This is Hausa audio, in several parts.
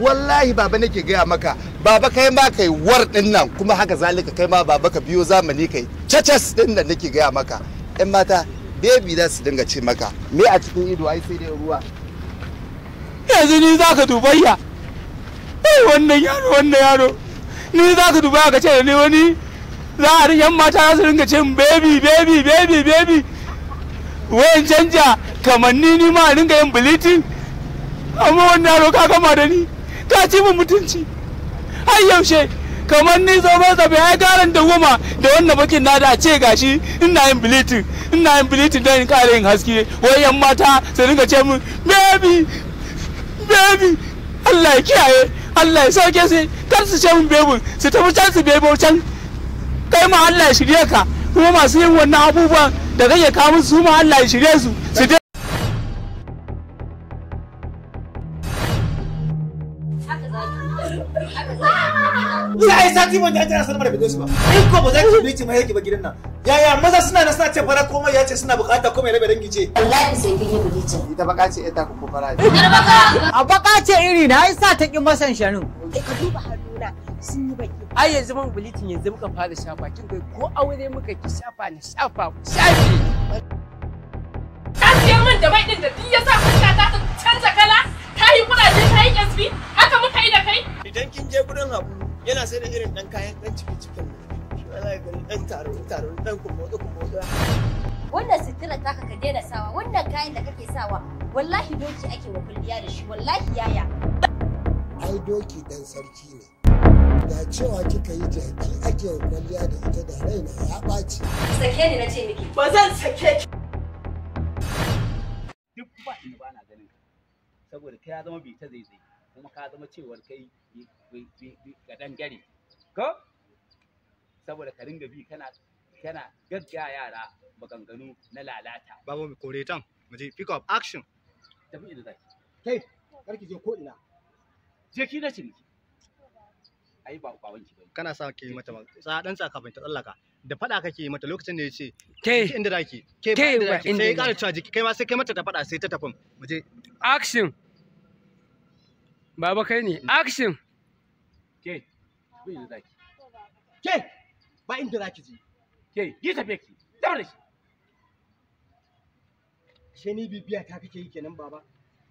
wallahi baba nake gaya maka baba kai ma kai war din nan kuma haka zalika kai ma baba ka biyo zamani kai cacas din nan nake gaya maka yan mata bebi za su dinga ce maka me a cikin ido ai sai dai ruwa yanzu ni za ka dubayya wannan yaro wannan yaro ni za ka dubaya ka ce da ni wani za a yan mata za su dinga ce bebi bebi bebi bebi wayan canja kamanni ni ma a dinga yin bleaching amma wannan yaro ka gama da ni ka ci mu mutunci har yaushe kamar ni zama zabe ai garan da goma da wannan bakin na da ce gashi ina yin bleeding ina yin bleeding dan kare yin haske wai yan mata su dinga ce mu baby baby Allah ya kiyaye Allah ya sauke su kar su ce mu baby su tafi can su baby can kai ma Allah ya shirye ka kuma masu yin wannan abubuwan da kake kawo su ma Allah ya shirye su su Ya yi sati ban ya tana mara da bidiyo ba. In ko ba za ki bici mai yake ba gidan nan. Yaya maza suna na suna ce fara komai ya ce suna bukata komai rabe dangi ce. Wallahi sai kin yi bidiyo. Ita baka ce ita ko fara. A baka ce iri na yi sa ta ki masan sharin. Eh, ka duba hannuna sun yi baki. Ai yanzu man bulitin yanzu muka fara shafa kin kai ko aure muka ki shafa na shafa ku shafi. Ka siyo min da mai din da duk ya sa fuska ta canza kala ta yi kuraje ta yi ƙyasbi. yi da kai? Idan kin je gurin habu yana sai da irin ɗan kayan ɗan cikin cikin shi ba za ka gani ɗan taro taro ɗan kumoto kumoto. Wannan sitira taka ka daina sawa wannan kayan da kake sawa wallahi doki ake wa kulliya da shi wallahi yaya. Ai doki ɗan sarki ne. Da cewa kika yi jaki ake wa kwalliya da ita da raina ya ɓaci. Sake ni na ce miki. Ba zan sake ki. Duk ba ina ba na ganin saboda kai ya zama bita zai zai. kuma ka zama cewar kai ga dangare ko saboda ka ringa bi kana kana gagga yara maganganu na lalata babu mu kore tan mu je pick up action tafi inda zai kai karki je ko ina je ki na ciniki ai ba ba wanki bane kana sa ke mata sa dan tsaka bai ta tsallaka da fada kake mata lokacin da yace ke inda zaki ke ba inda zaki sai ya ƙara caji kai ma sai kai mata ta fada sai ta tafi mu je action Baba kai ne. Action. Ke. Ba inda zaki. Ke. Ba inda zaki ji. Ke, yi tafiya ki. Dabar da shi. Ashe ni bibiya ta kake yi kenan baba.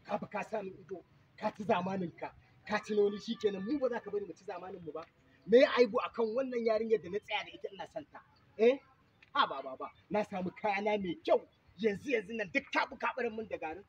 Ka fa ka sa ni ido, ka ci zamanin ka, ka ci wani shi kenan mu ba za ka bari mu ci zamanin mu ba. Me ya aibu akan wannan yarinyar da na tsaya da ita ina santa? Eh? Ha ba ba ba, na samu kayana mai kyau. Yanzu yanzu nan duk kabu kabarin mun da garin.